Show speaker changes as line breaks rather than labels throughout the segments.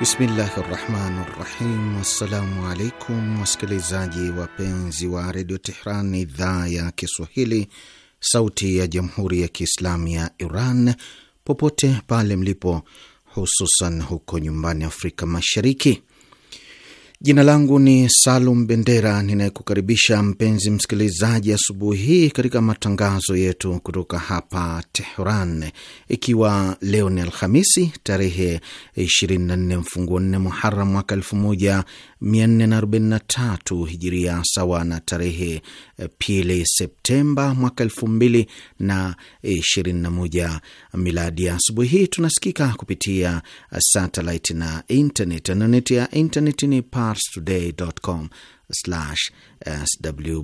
Bismillahi rahmani rahim. Assalamu alaikum wasikilizaji wapenzi wa redio Tehran, idhaa ya Kiswahili, sauti ya jamhuri ya Kiislamu ya Iran, popote pale mlipo, hususan huko nyumbani Afrika Mashariki. Jina langu ni Salum Bendera ninayekukaribisha mpenzi msikilizaji asubuhi hii katika matangazo yetu kutoka hapa Tehran, ikiwa leo ni Alhamisi tarehe 24 mfunguo 4 Muharam mwaka moja 443 hijiria sawa na tarehe eh, pili Septemba mwaka 2021 eh, miladi. Ya asubuhi hii tunasikika kupitia eh, satellite na internet. Anoneti ya internet ni parstoday.com sw.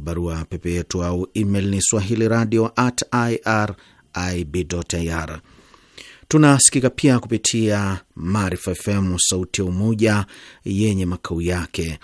Barua pepe yetu au email ni swahili radio at irib.ir Tunasikika pia kupitia Maarifa FM, sauti ya Umoja, yenye makao yake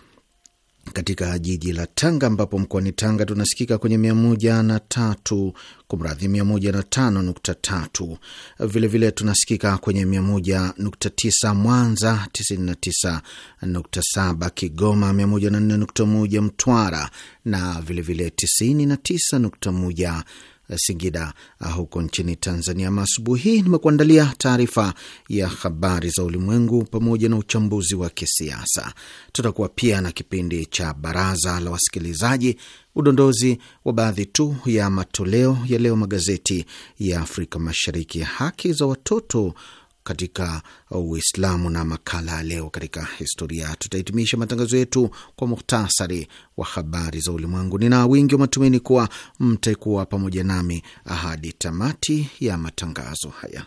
katika jiji la Tanga, ambapo mkoani Tanga tunasikika kwenye mia moja na tatu kumradhi, mia moja na tano nukta tatu. Vilevile tunasikika kwenye mia moja nukta tisa Mwanza, tisini na tisa nukta saba Kigoma, mia moja na nne nukta moja Mtwara na vilevile tisini na tisa nukta moja Eh, Singida eh, huko nchini Tanzania. Maasubuhi hii nimekuandalia taarifa ya habari za ulimwengu pamoja na uchambuzi wa kisiasa. Tutakuwa pia na kipindi cha baraza la wasikilizaji, udondozi wa baadhi tu ya matoleo ya leo magazeti ya Afrika Mashariki, haki za watoto katika Uislamu na makala ya leo katika historia. Tutahitimisha matangazo yetu kwa muhtasari wa habari za ulimwengu. Nina wingi wa matumaini kuwa mtakuwa pamoja nami hadi tamati ya matangazo haya.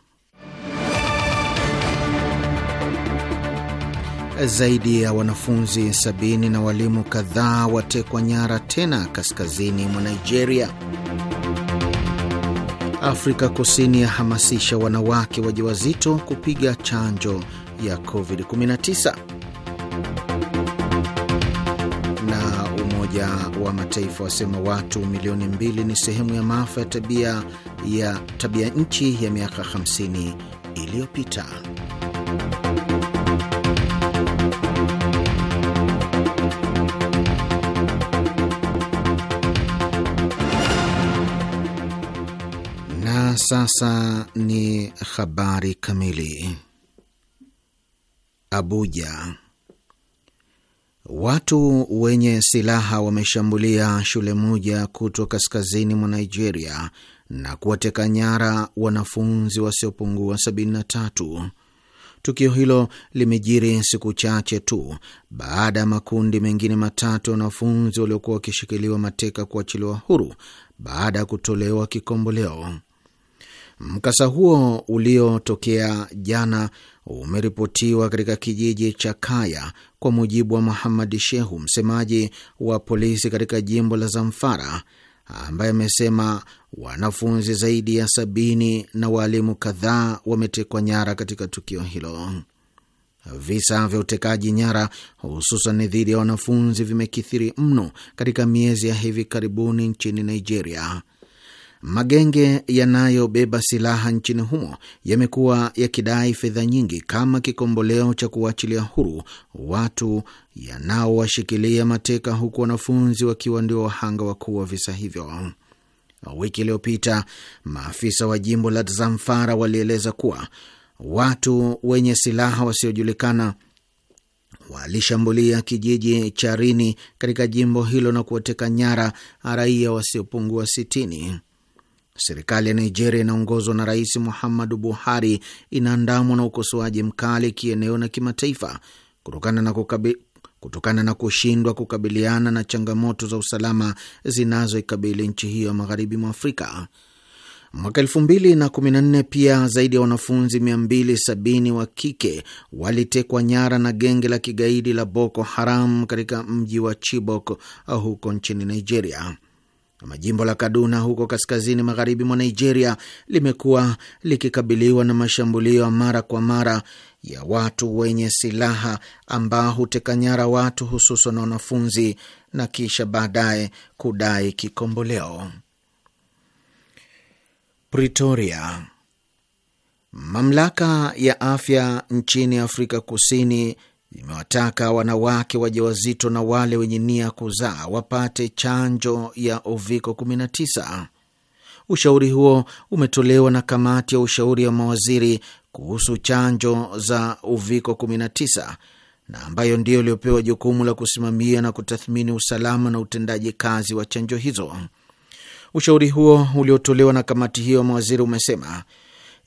zaidi ya wanafunzi sabini na walimu kadhaa watekwa nyara tena kaskazini mwa Nigeria. Afrika Kusini yahamasisha wanawake wajawazito kupiga chanjo ya COVID-19. Na Umoja wa Mataifa wasema watu milioni mbili ni sehemu ya maafa ya tabia ya tabia nchi ya miaka 50 iliyopita. sasa ni habari kamili. Abuja, watu wenye silaha wameshambulia shule moja kutwa kaskazini mwa Nigeria na kuwateka nyara wanafunzi wasiopungua 73. Tukio hilo limejiri siku chache tu baada ya makundi mengine matatu ya wanafunzi waliokuwa wakishikiliwa mateka kuachiliwa huru baada ya kutolewa kikomboleo. Mkasa huo uliotokea jana umeripotiwa katika kijiji cha Kaya kwa mujibu wa Muhammad Shehu, msemaji wa polisi katika jimbo la Zamfara, ambaye amesema wanafunzi zaidi ya sabini na waalimu kadhaa wametekwa nyara katika tukio hilo. Visa vya utekaji nyara hususan dhidi ya wanafunzi vimekithiri mno katika miezi ya hivi karibuni nchini Nigeria. Magenge yanayobeba silaha nchini humo yamekuwa yakidai fedha nyingi kama kikomboleo cha kuwachilia huru watu yanaowashikilia mateka, huku wanafunzi wakiwa ndio wahanga wakuu wa visa hivyo. Wiki iliyopita maafisa wa jimbo la Zamfara walieleza kuwa watu wenye silaha wasiojulikana walishambulia kijiji cha Rini katika jimbo hilo na kuwateka nyara raia wasiopungua sitini. Serikali ya Nigeria inaongozwa na Rais Muhammadu Buhari inaandamwa na ukosoaji mkali kieneo na kimataifa kutokana na kukabi, kutokana na kushindwa kukabiliana na changamoto za usalama zinazoikabili nchi hiyo ya magharibi mwa Afrika. Mwaka elfu mbili na kumi na nne pia zaidi ya wanafunzi 270 wa kike walitekwa nyara na genge la kigaidi la Boko Haram katika mji wa Chibok uh, huko nchini Nigeria. Kama jimbo la Kaduna huko kaskazini magharibi mwa Nigeria limekuwa likikabiliwa na mashambulio ya mara kwa mara ya watu wenye silaha ambao huteka nyara watu hususan wanafunzi na kisha baadaye kudai kikomboleo. Pretoria. Mamlaka ya afya nchini Afrika Kusini imewataka wanawake wajawazito na wale wenye nia kuzaa wapate chanjo ya uviko 19. Ushauri huo umetolewa na kamati ya ushauri wa mawaziri kuhusu chanjo za uviko 19 na ambayo ndiyo iliyopewa jukumu la kusimamia na kutathmini usalama na utendaji kazi wa chanjo hizo. Ushauri huo uliotolewa na kamati hiyo ya mawaziri umesema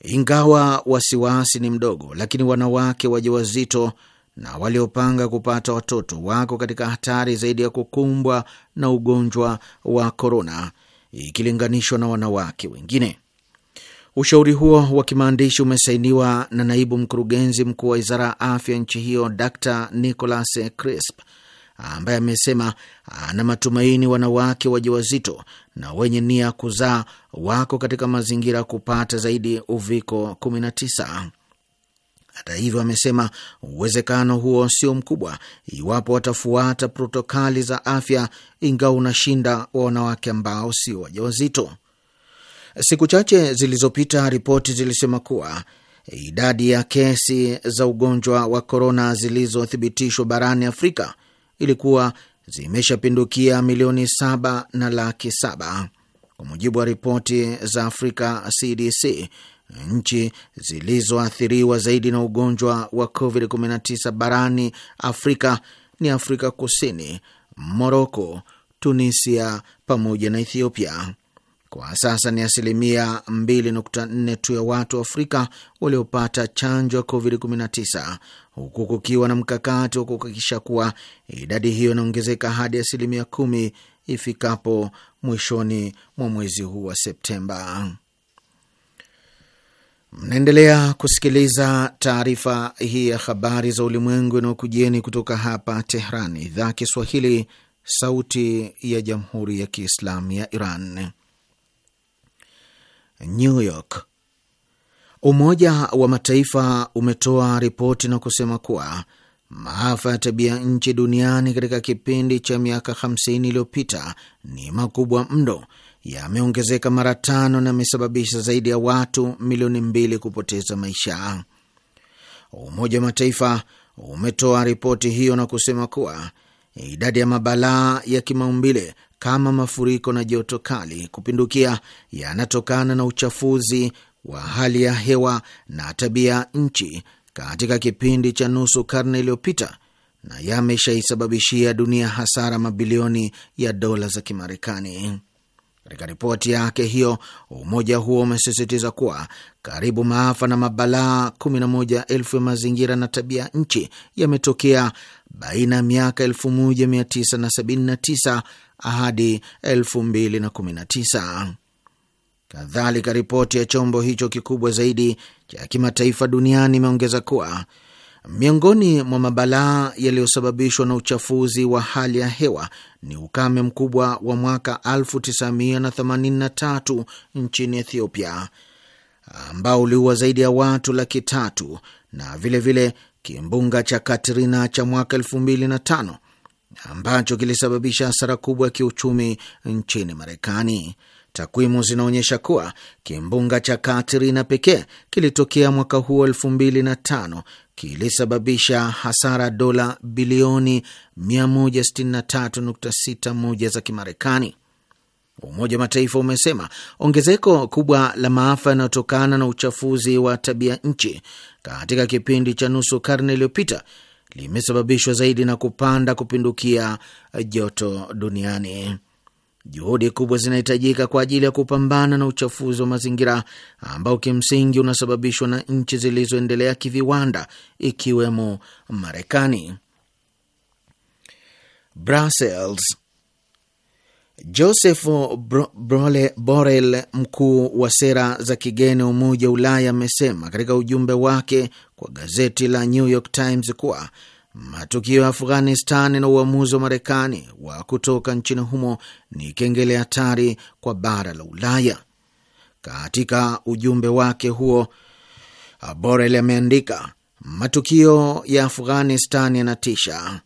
ingawa wasiwasi ni mdogo, lakini wanawake wajawazito na waliopanga kupata watoto wako katika hatari zaidi ya kukumbwa na ugonjwa wa korona ikilinganishwa na wanawake wengine. Ushauri huo wa kimaandishi umesainiwa na naibu mkurugenzi mkuu wa wizara ya afya nchi hiyo Dr Nicholas Crisp ambaye amesema ana matumaini wanawake wajawazito na wenye nia kuzaa wako katika mazingira ya kupata zaidi uviko 19. Hata hivyo, amesema uwezekano huo sio mkubwa iwapo watafuata protokali za afya, ingawa unashinda wa wanawake ambao sio wajawazito. Siku chache zilizopita, ripoti zilisema kuwa idadi ya kesi za ugonjwa wa korona zilizothibitishwa barani Afrika ilikuwa zimeshapindukia milioni saba na laki saba. Kwa mujibu wa ripoti za afrika CDC, Nchi zilizoathiriwa zaidi na ugonjwa wa COVID-19 barani Afrika ni Afrika Kusini, Moroko, Tunisia pamoja na Ethiopia. Kwa sasa ni asilimia 2.4 tu ya watu wa Afrika waliopata chanjo ya COVID-19, huku kukiwa na mkakati wa kuhakikisha kuwa idadi hiyo inaongezeka hadi asilimia kumi ifikapo mwishoni mwa mwezi huu wa Septemba. Mnaendelea kusikiliza taarifa hii ya habari za ulimwengu inayokujieni kutoka hapa Tehran, idhaa Kiswahili, sauti ya jamhuri ya kiislamu ya Iran. New York. Umoja wa Mataifa umetoa ripoti na kusema kuwa maafa ya tabia nchi duniani katika kipindi cha miaka 50 iliyopita ni makubwa mno yameongezeka mara tano na yamesababisha zaidi ya watu milioni mbili kupoteza maisha. Umoja wa Mataifa umetoa ripoti hiyo na kusema kuwa idadi ya mabalaa ya kimaumbile kama mafuriko na joto kali kupindukia yanatokana na uchafuzi wa hali ya hewa na tabia ya nchi katika kipindi cha nusu karne iliyopita na yameshaisababishia dunia hasara mabilioni ya dola za Kimarekani. Katika ripoti yake hiyo, umoja huo umesisitiza kuwa karibu maafa na mabalaa 11,000 ya mazingira na tabia nchi yametokea baina ya miaka 1979 hadi 2019. Kadhalika, ripoti ya chombo hicho kikubwa zaidi cha kimataifa duniani imeongeza kuwa Miongoni mwa mabalaa yaliyosababishwa na uchafuzi wa hali ya hewa ni ukame mkubwa wa mwaka 1983 nchini Ethiopia ambao uliua zaidi ya watu laki tatu na vilevile vile kimbunga cha Katrina cha mwaka 2005 ambacho kilisababisha hasara kubwa ya kiuchumi nchini Marekani. Takwimu zinaonyesha kuwa kimbunga cha Katrina pekee kilitokea mwaka huo elfu kilisababisha hasara dola bilioni 163.61 za Kimarekani. Umoja wa Mataifa umesema ongezeko kubwa la maafa yanayotokana na uchafuzi wa tabia nchi katika kipindi cha nusu karne iliyopita limesababishwa zaidi na kupanda kupindukia joto duniani. Juhudi kubwa zinahitajika kwa ajili ya kupambana na uchafuzi wa mazingira ambao kimsingi unasababishwa na nchi zilizoendelea kiviwanda ikiwemo Marekani. Brussels. Joseph Borrell, mkuu wa sera za kigeni wa Umoja wa Ulaya, amesema katika ujumbe wake kwa gazeti la New York Times kuwa Matukio ya Afghanistan na uamuzi wa Marekani wa kutoka nchini humo ni kengele hatari kwa bara la Ulaya. Katika ujumbe wake huo, Borel ameandika, matukio ya Afghanistan yanatisha.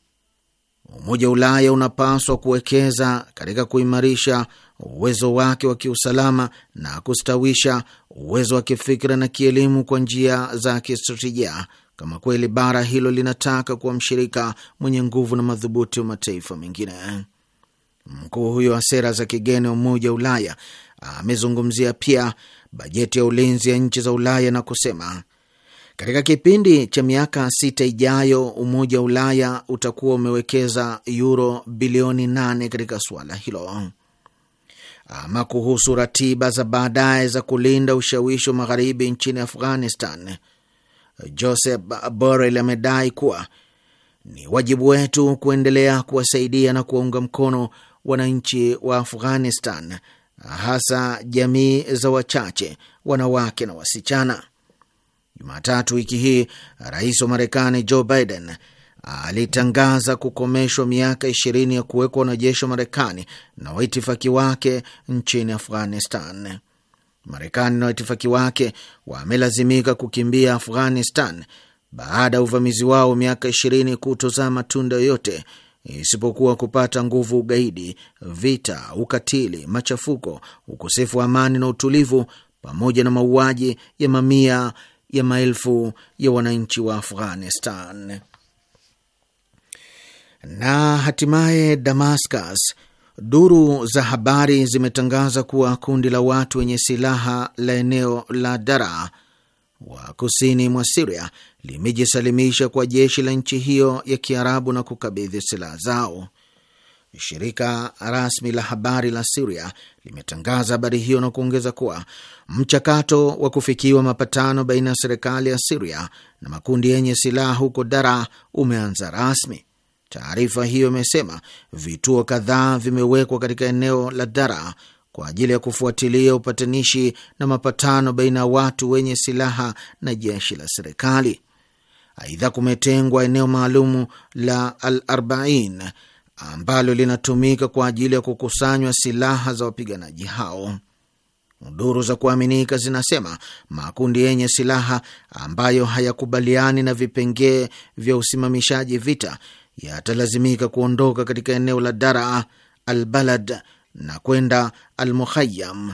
Umoja wa Ulaya unapaswa kuwekeza katika kuimarisha uwezo wake wa kiusalama na kustawisha uwezo wa kifikira na kielimu kwa njia za kistratejia kama kweli bara hilo linataka kuwa mshirika mwenye nguvu na madhubuti wa mataifa mengine. Mkuu huyo wa sera za kigeni wa Umoja wa Ulaya amezungumzia pia bajeti ya ulinzi ya nchi za Ulaya na kusema katika kipindi cha miaka sita ijayo Umoja wa Ulaya utakuwa umewekeza yuro bilioni nane katika suala hilo. Ama kuhusu ratiba za baadaye za kulinda ushawishi wa magharibi nchini Afghanistan, Joseph Borrell amedai kuwa ni wajibu wetu kuendelea kuwasaidia na kuwaunga mkono wananchi wa Afghanistan, hasa jamii za wachache, wanawake na wasichana. Jumatatu wiki hii rais wa Marekani Joe Biden alitangaza kukomeshwa miaka ishirini ya kuwekwa wanajeshi wa Marekani na waitifaki wake nchini Afghanistan. Marekani na waitifaki wake wamelazimika kukimbia Afghanistan baada ya uvamizi wao miaka ishirini kutozaa matunda yoyote isipokuwa kupata nguvu ugaidi, vita, ukatili, machafuko, ukosefu wa amani na utulivu, pamoja na mauaji ya mamia ya maelfu ya wananchi wa Afghanistan. Na hatimaye Damascus Duru za habari zimetangaza kuwa kundi la watu wenye silaha la eneo la dara wa kusini mwa Siria limejisalimisha kwa jeshi la nchi hiyo ya Kiarabu na kukabidhi silaha zao. Shirika rasmi la habari la Siria limetangaza habari hiyo na kuongeza kuwa mchakato wa kufikiwa mapatano baina ya serikali ya Siria na makundi yenye silaha huko dara umeanza rasmi. Taarifa hiyo imesema vituo kadhaa vimewekwa katika eneo la Dara kwa ajili ya kufuatilia upatanishi na mapatano baina ya watu wenye silaha na jeshi la serikali. Aidha, kumetengwa eneo maalum la Al Arbain ambalo linatumika kwa ajili ya kukusanywa silaha za wapiganaji hao. Duru za kuaminika zinasema makundi yenye silaha ambayo hayakubaliani na vipengee vya usimamishaji vita yatalazimika kuondoka katika eneo la Daraa Albalad na kwenda Almukhayam.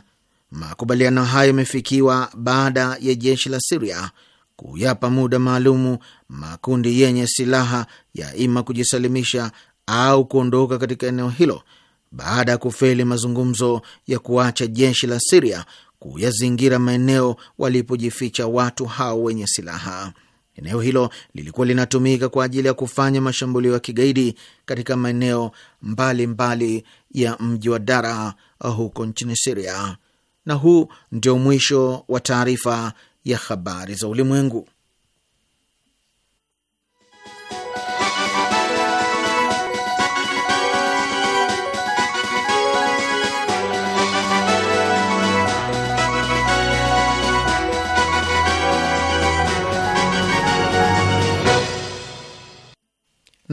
Makubaliano hayo yamefikiwa baada ya jeshi la Siria kuyapa muda maalumu makundi yenye silaha ya ima kujisalimisha au kuondoka katika eneo hilo baada ya kufeli mazungumzo ya kuacha jeshi la Siria kuyazingira maeneo walipojificha watu hao wenye silaha. Eneo hilo lilikuwa linatumika kwa ajili ya kufanya mashambulio ya kigaidi katika maeneo mbalimbali ya mji wa Dara huko nchini Siria. Na huu ndio mwisho wa taarifa ya habari za ulimwengu.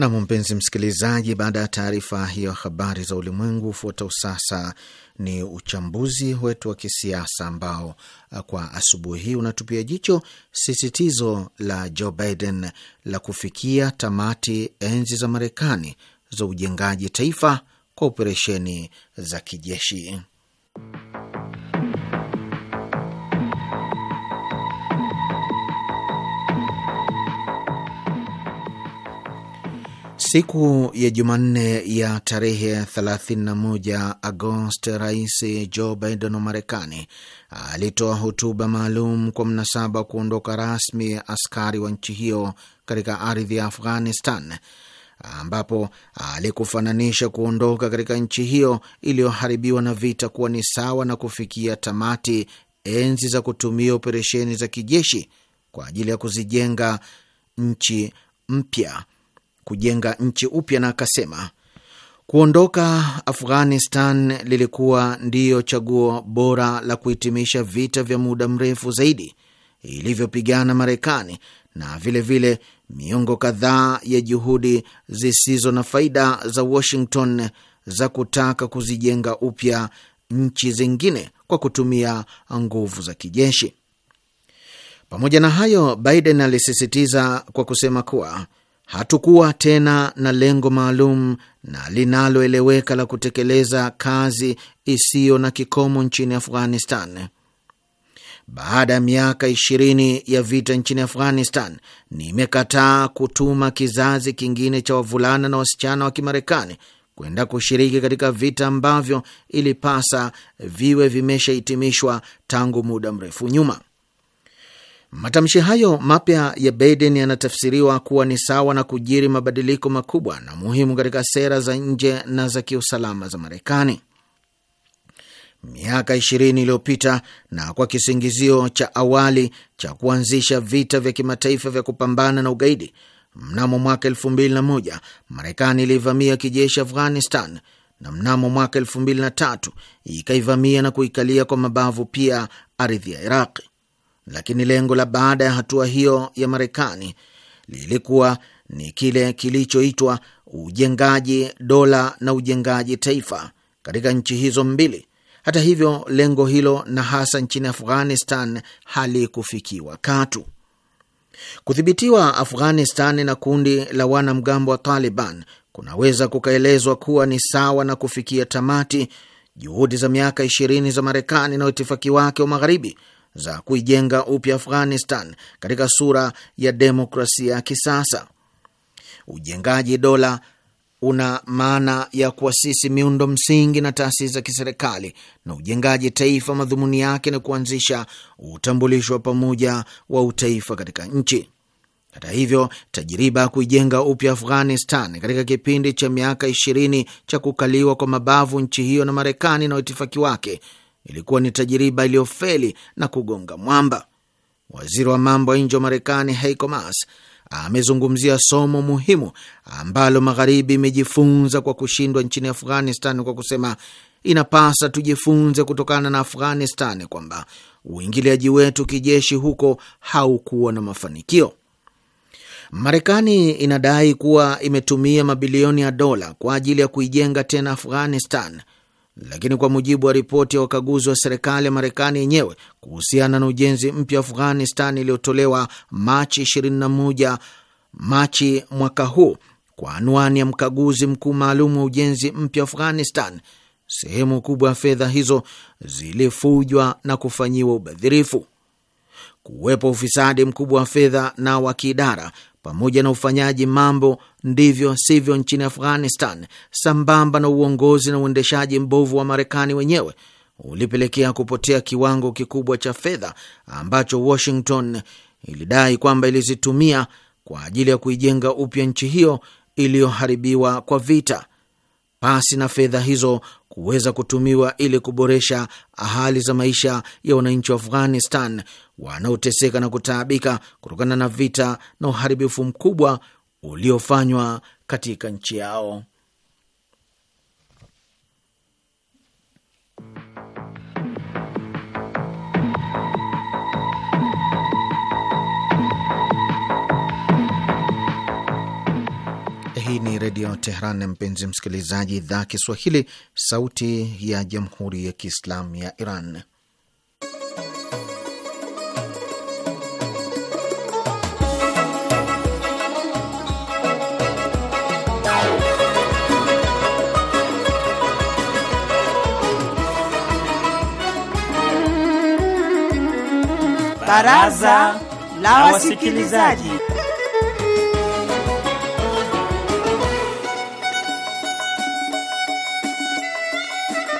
Nam, mpenzi msikilizaji, baada ya taarifa hiyo habari za ulimwengu, ufuatao sasa ni uchambuzi wetu wa kisiasa ambao uh, kwa asubuhi hii unatupia jicho sisitizo la Joe Biden la kufikia tamati enzi za Marekani za ujengaji taifa kwa operesheni za kijeshi. Siku ya Jumanne ya tarehe 31 Agosti, Rais Joe Biden wa Marekani alitoa hotuba maalum kwa mnasaba wa kuondoka rasmi askari wa nchi hiyo katika ardhi ya Afghanistan, ambapo alikufananisha kuondoka katika nchi hiyo iliyoharibiwa na vita kuwa ni sawa na kufikia tamati enzi za kutumia operesheni za kijeshi kwa ajili ya kuzijenga nchi mpya kujenga nchi upya, na akasema kuondoka Afghanistan lilikuwa ndiyo chaguo bora la kuhitimisha vita vya muda mrefu zaidi ilivyopigana Marekani na vilevile vile miongo kadhaa ya juhudi zisizo na faida za Washington za kutaka kuzijenga upya nchi zingine kwa kutumia nguvu za kijeshi. Pamoja na hayo, Biden alisisitiza kwa kusema kuwa hatukuwa tena na lengo maalum na linaloeleweka la kutekeleza kazi isiyo na kikomo nchini Afghanistan. Baada ya miaka ishirini ya vita nchini Afghanistan, nimekataa kutuma kizazi kingine cha wavulana na wasichana wa Kimarekani kwenda kushiriki katika vita ambavyo ilipasa viwe vimeshahitimishwa tangu muda mrefu nyuma. Matamshi hayo mapya ya Biden yanatafsiriwa kuwa ni sawa na kujiri mabadiliko makubwa na muhimu katika sera za nje na za kiusalama za Marekani. Miaka ishirini iliyopita na kwa kisingizio cha awali cha kuanzisha vita vya kimataifa vya kupambana na ugaidi, mnamo mwaka elfu mbili na moja Marekani ilivamia kijeshi Afghanistan na mnamo mwaka elfu mbili na tatu ikaivamia na kuikalia kwa mabavu pia ardhi ya Iraqi lakini lengo la baada ya hatua hiyo ya Marekani lilikuwa ni kile kilichoitwa ujengaji dola na ujengaji taifa katika nchi hizo mbili. Hata hivyo, lengo hilo na hasa nchini Afghanistan halikufikiwa katu. Kudhibitiwa Afghanistan na kundi la wanamgambo wa Taliban kunaweza kukaelezwa kuwa ni sawa na kufikia tamati juhudi za miaka ishirini za Marekani na uitifaki wake wa Magharibi za kuijenga upya Afghanistan katika sura ya demokrasia ya kisasa. Ujengaji dola una maana ya kuasisi miundo msingi na taasisi za kiserikali, na ujengaji taifa madhumuni yake ni kuanzisha utambulisho wa pamoja wa utaifa katika nchi. Hata hivyo, tajiriba ya kuijenga upya Afghanistan katika kipindi cha miaka ishirini cha kukaliwa kwa mabavu nchi hiyo na Marekani na waitifaki wake ilikuwa ni tajiriba iliyofeli na kugonga mwamba. Waziri wa mambo ya nje wa Marekani Heiko Maas amezungumzia somo muhimu ambalo Magharibi imejifunza kwa kushindwa nchini Afghanistan kwa kusema inapasa tujifunze kutokana na Afghanistan kwamba uingiliaji wetu kijeshi huko haukuwa na mafanikio. Marekani inadai kuwa imetumia mabilioni ya dola kwa ajili ya kuijenga tena Afghanistan lakini kwa mujibu wa ripoti ya wakaguzi wa serikali ya Marekani yenyewe kuhusiana na ujenzi mpya wa Afghanistan iliyotolewa Machi 21 Machi mwaka huu kwa anwani ya mkaguzi mkuu maalum wa ujenzi mpya Afghanistan, sehemu kubwa ya fedha hizo zilifujwa na kufanyiwa ubadhirifu. Kuwepo ufisadi mkubwa wa fedha na wa kiidara pamoja na ufanyaji mambo ndivyo sivyo nchini Afghanistan, sambamba na uongozi na uendeshaji mbovu wa Marekani wenyewe ulipelekea kupotea kiwango kikubwa cha fedha ambacho Washington ilidai kwamba ilizitumia kwa ajili ya kuijenga upya nchi hiyo iliyoharibiwa kwa vita, pasi na fedha hizo kuweza kutumiwa ili kuboresha hali za maisha ya wananchi wa Afghanistan wanaoteseka na kutaabika kutokana na vita na uharibifu mkubwa uliofanywa katika nchi yao. Hii ni Redio Tehran, mpenzi msikilizaji, idhaa Kiswahili, sauti ya Jamhuri ya Kiislamu ya Iran.
Baraza la Wasikilizaji.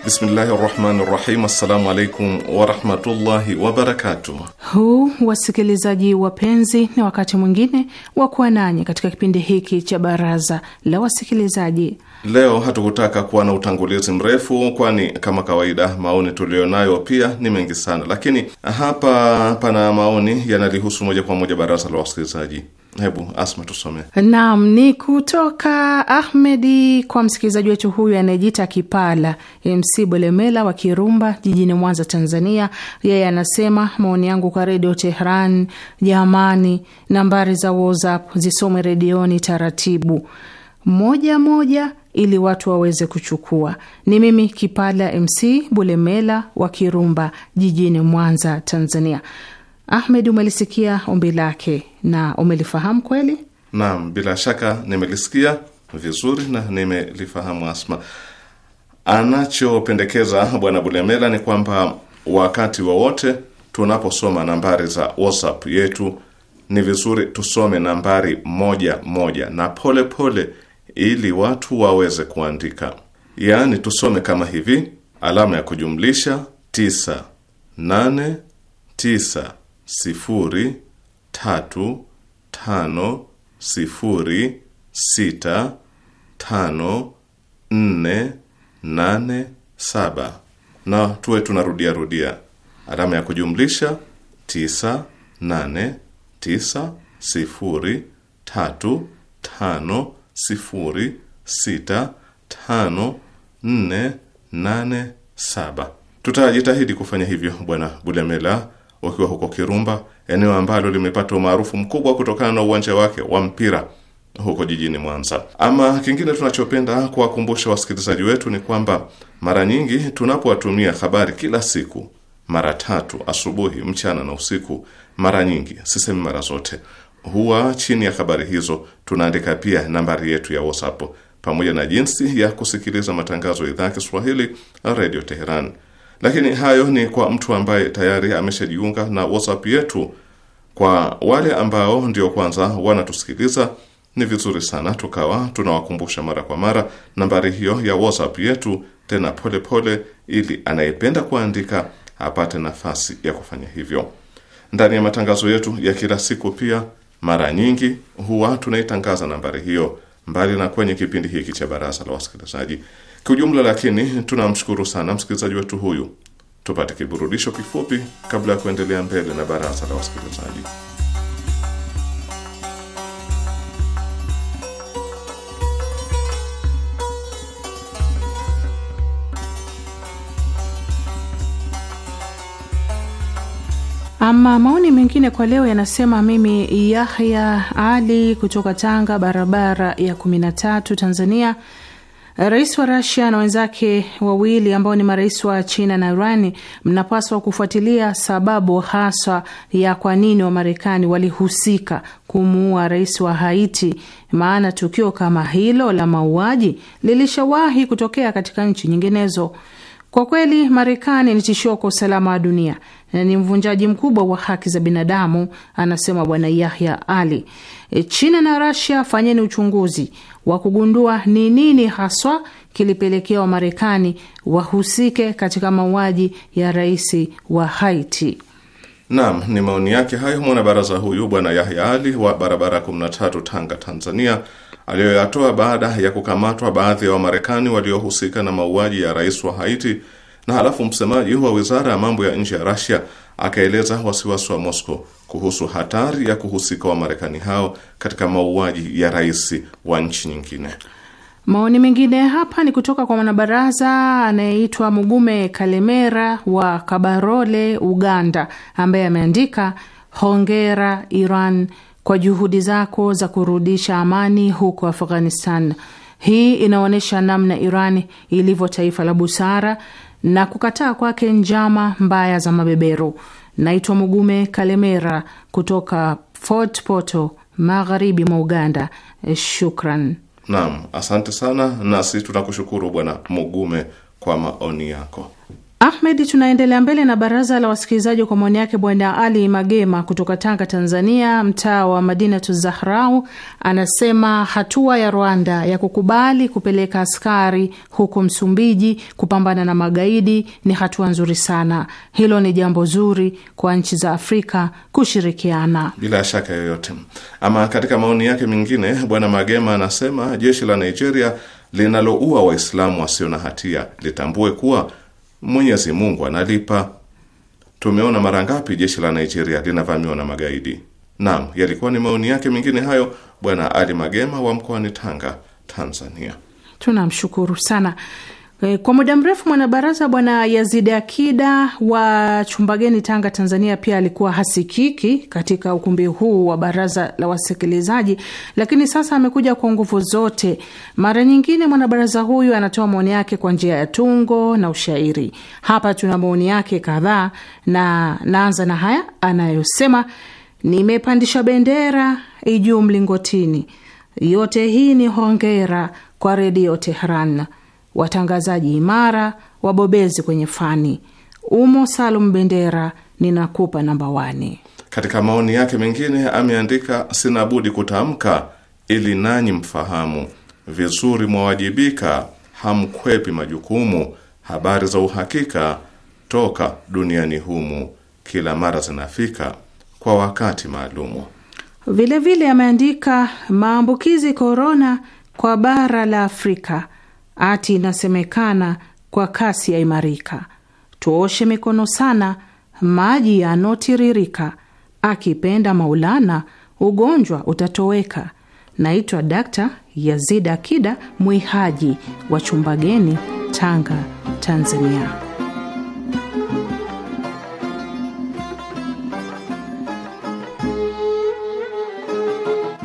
Bismillahi rahmani rahim. Assalamu alaikum warahmatullahi wabarakatuh
huu, wasikilizaji wapenzi, ni wakati mwingine wa kuwa nanyi katika kipindi hiki cha baraza la wasikilizaji.
Leo hatukutaka kuwa na utangulizi mrefu, kwani kama kawaida maoni tuliyonayo pia ni mengi sana, lakini hapa pana maoni yanalihusu moja kwa moja baraza la wasikilizaji. Hebu Asma tusome.
Naam, ni kutoka Ahmedi kwa msikilizaji wetu huyu anayejita Kipala MC Bulemela wa Kirumba jijini Mwanza, Tanzania. Yeye anasema maoni yangu kwa Redio Tehran, jamani, nambari za WhatsApp zisome redioni taratibu, moja moja ili watu waweze kuchukua. Ni mimi Kipala MC Bulemela wa Kirumba jijini Mwanza, Tanzania. Ahmed, umelisikia ombi lake na umelifahamu kweli?
Naam, bila shaka nimelisikia vizuri na nimelifahamu. Asma, anachopendekeza bwana Bulemela ni kwamba wakati wowote wa tunaposoma nambari za WhatsApp yetu ni vizuri tusome nambari moja moja na pole pole, ili watu waweze kuandika. Yaani tusome kama hivi: alama ya kujumlisha tisa nane tisa sifuri tatu tano sifuri sita tano nne nane saba na tuwe tunarudia rudia alama ya kujumlisha tisa nane tisa sifuri tatu tano sifuri sita tano nne nane saba. Tutajitahidi kufanya hivyo, Bwana Bulemela wakiwa huko Kirumba, eneo ambalo limepata umaarufu mkubwa kutokana na uwanja wake wa mpira huko jijini Mwanza. Ama kingine tunachopenda kuwakumbusha wasikilizaji wetu ni kwamba mara nyingi tunapowatumia habari kila siku mara tatu, asubuhi, mchana na usiku, mara nyingi, sisemi mara zote, huwa chini ya habari hizo tunaandika pia nambari yetu ya WhatsApp pamoja na jinsi ya kusikiliza matangazo ya idhaa ya Kiswahili Radio Teheran. Lakini hayo ni kwa mtu ambaye tayari ameshajiunga na WhatsApp yetu. Kwa wale ambao ndio kwanza wanatusikiliza, ni vizuri sana tukawa tunawakumbusha mara kwa mara nambari hiyo ya WhatsApp yetu, tena polepole pole, ili anayependa kuandika apate nafasi ya kufanya hivyo. Ndani ya matangazo yetu ya kila siku pia mara nyingi huwa tunaitangaza nambari hiyo, mbali na kwenye kipindi hiki cha Baraza la Wasikilizaji. Kiujumla lakini tunamshukuru sana msikilizaji wetu huyu. Tupate kiburudisho kifupi kabla ya kuendelea mbele na baraza la wasikilizaji.
Ama maoni mengine kwa leo yanasema, mimi Yahya Ali kutoka Tanga, barabara ya kumi na tatu, Tanzania Rais wa Rasia na wenzake wawili ambao ni marais wa China na Irani, mnapaswa kufuatilia sababu haswa ya kwa nini Wamarekani walihusika kumuua rais wa Haiti, maana tukio kama hilo la mauaji lilishawahi kutokea katika nchi nyinginezo. Kwa kweli Marekani ni tishio kwa usalama wa dunia na ni mvunjaji mkubwa wa haki za binadamu, anasema Bwana Yahya Ali. E, China na Rasia, fanyeni uchunguzi wa kugundua ni nini haswa kilipelekea Wamarekani wahusike katika mauaji ya rais wa Haiti.
Naam, ni maoni yake hayo mwanabaraza huyu Bwana Yahya Ali wa barabara 13 Tanga, Tanzania aliyoyatoa baada ya kukamatwa baadhi ya Wamarekani waliohusika na mauaji ya rais wa Haiti, na halafu msemaji wa wizara ya mambo ya nje ya rasia akaeleza wasiwasi wa Moscow kuhusu hatari ya kuhusika Wamarekani hao katika mauaji ya rais wa nchi nyingine.
Maoni mengine hapa ni kutoka kwa mwanabaraza anayeitwa Mugume Kalemera wa Kabarole, Uganda, ambaye ameandika hongera Iran kwa juhudi zako za kurudisha amani huko Afghanistan. Hii inaonyesha namna iran ilivyo taifa la busara na kukataa kwake njama mbaya za mabeberu. Naitwa Mugume Kalemera kutoka Fort Poto, magharibi mwa Uganda. Shukran.
Naam, asante sana, nasi tunakushukuru Bwana Mugume kwa maoni yako.
Ahmed, tunaendelea mbele na baraza la wasikilizaji kwa maoni yake bwana Ali Magema kutoka Tanga, Tanzania, mtaa wa Madinatu Zahrau, anasema hatua ya Rwanda ya kukubali kupeleka askari huko Msumbiji kupambana na magaidi ni hatua nzuri sana. Hilo ni jambo zuri kwa nchi za Afrika kushirikiana
bila shaka yoyote. Ama katika maoni yake mengine, bwana Magema anasema jeshi la Nigeria linaloua Waislamu wasio na hatia litambue kuwa Mwenyezi Mungu analipa. Tumeona mara ngapi jeshi la Nigeria linavamiwa na magaidi. Naam, yalikuwa ni maoni yake mengine hayo, Bwana Ali Magema wa mkoani Tanga, Tanzania.
Tunamshukuru sana. E, kwa muda mrefu mwanabaraza Bwana Yazidi Akida wa Chumbageni, Tanga, Tanzania, pia alikuwa hasikiki katika ukumbi huu wa baraza la wasikilizaji, lakini sasa amekuja kwa nguvu zote. Mara nyingine mwanabaraza huyu anatoa maoni yake kwa njia ya tungo na ushairi. Hapa tuna maoni yake kadhaa, na naanza na haya anayosema: nimepandisha bendera ijuu mlingotini, yote hii ni hongera kwa Redio Tehran watangazaji imara, wabobezi kwenye fani. Umo Salum Bendera, ninakupa namba wani.
Katika maoni yake mengine ameandika, sina budi kutamka ili nanyi mfahamu vizuri, mwawajibika, hamkwepi majukumu, habari za uhakika toka duniani humu, kila mara zinafika kwa wakati maalumu.
Vilevile ameandika maambukizi korona kwa bara la Afrika Ati inasemekana kwa kasi ya imarika, tuoshe mikono sana, maji yanotiririka. Akipenda Maulana ugonjwa utatoweka. Naitwa Dakta Yazid Akida Mwihaji wa Chumbageni, Tanga, Tanzania.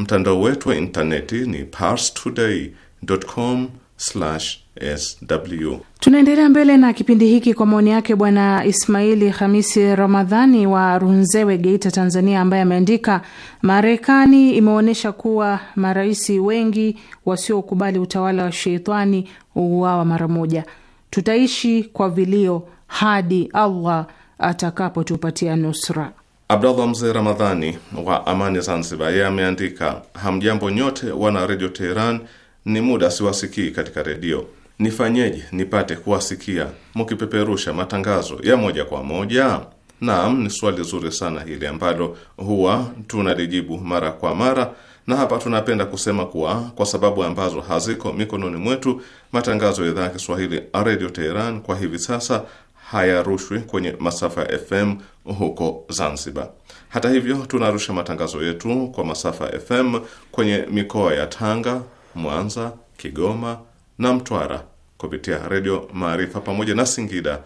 Mtandao wetu wa intaneti ni parstoday.com/sw.
Tunaendelea mbele na kipindi hiki kwa maoni yake Bwana Ismaili Hamisi Ramadhani wa Runzewe, Geita, Tanzania, ambaye ameandika, Marekani imeonyesha kuwa marais wengi wasiokubali utawala wa sheitani uuawa mara moja. Tutaishi kwa vilio hadi Allah atakapotupatia nusra.
Abdallah Mzee Ramadhani wa Amani Zanzibar, yeye ameandika hamjambo nyote wana redio Teheran, ni muda siwasikii katika redio, nifanyeje nipate kuwasikia mkipeperusha matangazo ya moja kwa moja? Naam, ni swali zuri sana hili ambalo huwa tunalijibu mara kwa mara, na hapa tunapenda kusema kuwa kwa sababu ambazo haziko mikononi mwetu, matangazo ya idhaa ya Kiswahili redio Teheran kwa hivi sasa hayarushwi kwenye masafa ya FM huko Zanzibar. Hata hivyo, tunarusha matangazo yetu kwa masafa ya FM kwenye mikoa ya Tanga, Mwanza, Kigoma na Mtwara kupitia Redio Maarifa pamoja na Singida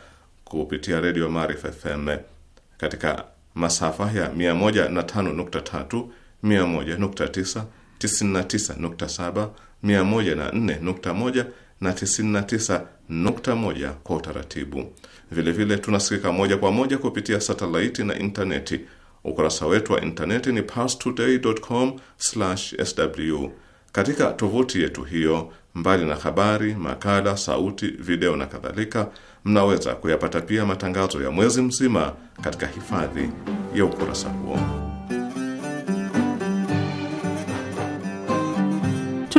kupitia Redio Maarifa FM katika masafa ya 105.3, 101.9, 99.7, 104.1 na 99.1 kwa utaratibu. Vilevile tunasikika moja kwa moja kupitia satelaiti na intaneti. Ukurasa wetu wa intaneti ni parstoday.com/sw. Katika tovuti yetu hiyo, mbali na habari, makala, sauti, video na kadhalika, mnaweza kuyapata pia matangazo ya mwezi mzima katika hifadhi ya ukurasa huo.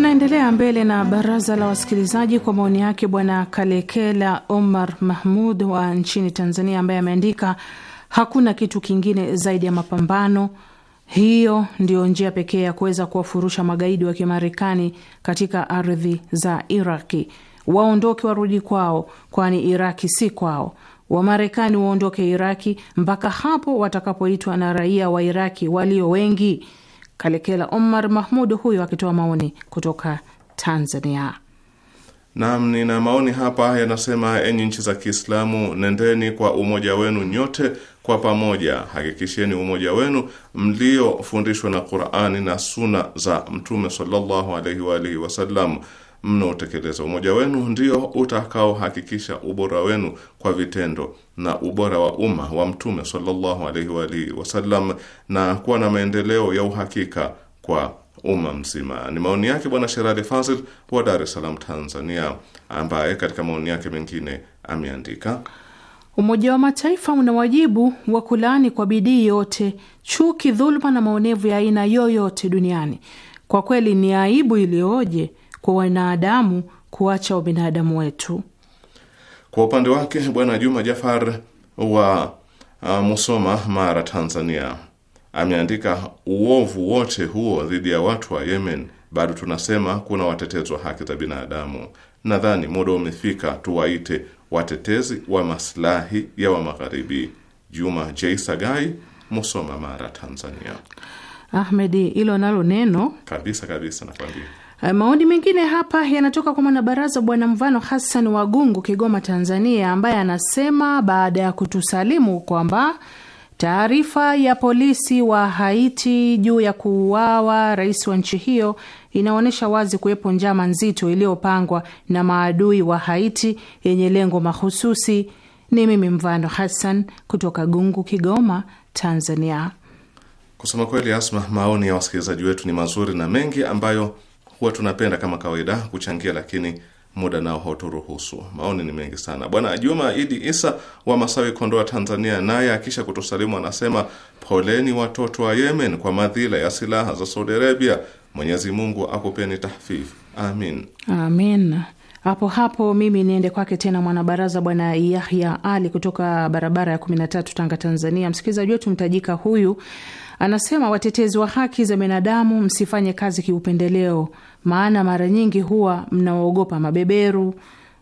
Tunaendelea mbele na baraza la wasikilizaji kwa maoni yake Bwana Kalekela Omar Mahmud wa nchini Tanzania, ambaye ameandika hakuna kitu kingine zaidi ya mapambano. Hiyo ndiyo njia pekee ya kuweza kuwafurusha magaidi wa Kimarekani katika ardhi za Iraki. Waondoke warudi kwao, kwani Iraki si kwao. Wamarekani waondoke Iraki mpaka hapo watakapoitwa na raia wa Iraki walio wengi Kalekela Omar Mahmud huyo akitoa maoni kutoka Tanzania.
Naam, nina maoni hapa yanasema: enyi nchi za Kiislamu, nendeni kwa umoja wenu nyote kwa pamoja, hakikisheni umoja wenu mliofundishwa na Qur'ani na suna za Mtume sallallahu alaihi wa alihi wasallam mnaotekeleza umoja wenu ndio utakaohakikisha ubora wenu kwa vitendo na ubora wa umma wa Mtume sallallahu alaihi wa alihi wasallam na kuwa na maendeleo ya uhakika kwa umma mzima. Ni maoni yake Bwana Sherali Fazil wa Dar es Salaam, Tanzania, ambaye katika maoni yake mengine ameandika
Umoja wa Mataifa una wajibu wa kulaani kwa bidii yote chuki, dhuluma na maonevu ya aina yoyote duniani. Kwa kweli ni aibu iliyoje kwa wanadamu kuacha ubinadamu wetu.
Kwa upande wake Bwana Juma Jafar wa uh, Musoma, Mara, Tanzania ameandika uovu wote huo dhidi ya watu wa Yemen bado tunasema kuna watetezi wa haki za binadamu. Nadhani muda umefika tuwaite watetezi wa maslahi ya wa Magharibi. Juma J Sagai, Musoma, Mara, Tanzania.
Ahmedi, hilo nalo neno
kabisa kabisa, nakwambia
Eh, maoni mengine hapa yanatoka kwa mwanabaraza Bwana Mvano Hassan Wagungu, Kigoma, Tanzania, ambaye anasema baada ya kutusalimu kwamba taarifa ya polisi wa Haiti juu ya kuuawa rais wa nchi hiyo inaonyesha wazi kuwepo njama nzito iliyopangwa na maadui wa Haiti yenye lengo mahususi. Ni mimi Mvano Hassan kutoka Gungu, Kigoma, Tanzania.
Kusema kweli, Asma, maoni ya wasikilizaji wetu ni mazuri na mengi ambayo huwa tunapenda kama kawaida kuchangia, lakini muda nao hauturuhusu. Maoni ni mengi sana. Bwana Juma Idi Isa wa Masawi, Kondoa, Tanzania, naye akisha kutusalimu anasema poleni watoto wa Yemen kwa madhila ya silaha za Saudi Arabia. Mwenyezi Mungu akupeni tahfifu. amin,
amin. Hapo hapo mimi niende kwake tena mwanabaraza Bwana Yahya Ali kutoka barabara ya kumi na tatu Tanga, Tanzania. Msikilizaji wetu mtajika huyu Anasema, watetezi wa haki za binadamu, msifanye kazi kiupendeleo, maana mara nyingi huwa mnawaogopa mabeberu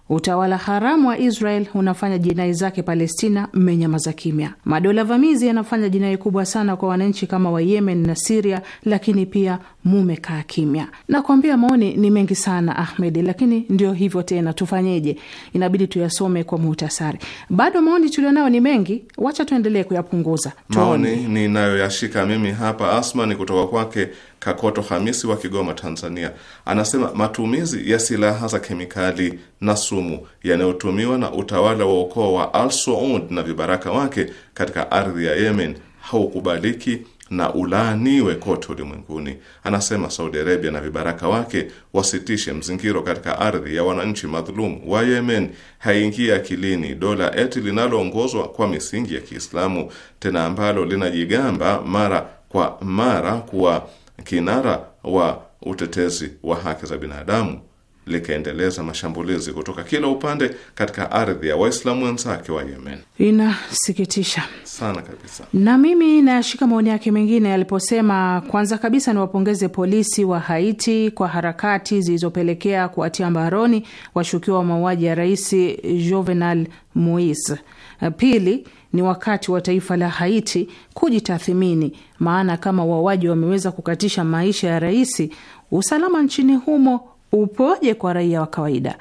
Utawala haramu wa Israel unafanya jinai zake Palestina, mmenyamaza kimya. Madola vamizi yanafanya jinai kubwa sana kwa wananchi kama wa Yemen na Siria, lakini pia mumekaa kimya. Nakwambia maoni ni mengi sana Ahmed, lakini ndio hivyo tena, tufanyeje? Inabidi tuyasome kwa muhtasari. Bado maoni tulionayo ni mengi, wacha tuendelee kuyapunguza. Maoni
ninayoyashika mimi hapa Asma ni kutoka kwake Kakoto Hamisi wa Kigoma, Tanzania, anasema matumizi ya silaha za kemikali na sumu yanayotumiwa na utawala wa ukoo wa Al Saud na vibaraka wake katika ardhi ya Yemen haukubaliki na ulaaniwe kote ulimwenguni. Anasema Saudi Arabia na vibaraka wake wasitishe mzingiro katika ardhi ya wananchi madhulumu wa Yemen. Haingia akilini dola eti linaloongozwa kwa misingi ya Kiislamu, tena ambalo linajigamba mara kwa mara kuwa kinara wa utetezi wa haki za binadamu, likaendeleza mashambulizi kutoka kila upande katika ardhi ya Waislamu wenzake wa Yemen.
Inasikitisha
sana kabisa,
na mimi nayashika maoni yake mengine aliposema, kwanza kabisa niwapongeze polisi wa Haiti kwa harakati zilizopelekea kuwatia mbaroni washukiwa wa mauaji ya Rais Jovenal Moise. Pili, ni wakati wa taifa la Haiti kujitathimini, maana kama wauaji wameweza kukatisha maisha ya rais, usalama nchini humo upoje kwa raia wa kawaida?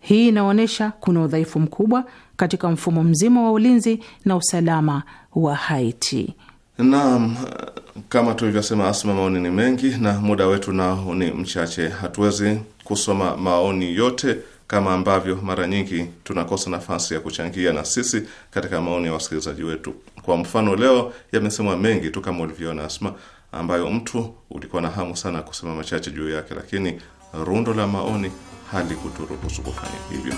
Hii inaonyesha kuna udhaifu mkubwa katika mfumo mzima wa ulinzi na usalama wa
Haiti. Naam, kama tulivyosema, Asma, maoni ni mengi na muda wetu nao ni mchache, hatuwezi kusoma maoni yote kama ambavyo mara nyingi tunakosa nafasi ya kuchangia na sisi katika maoni ya wasikilizaji wetu. Kwa mfano, leo yamesemwa mengi tu kama ulivyoona Asma, ambayo mtu ulikuwa na hamu sana kusema machache juu yake, lakini rundo la maoni halikuturuhusu kufanya hivyo.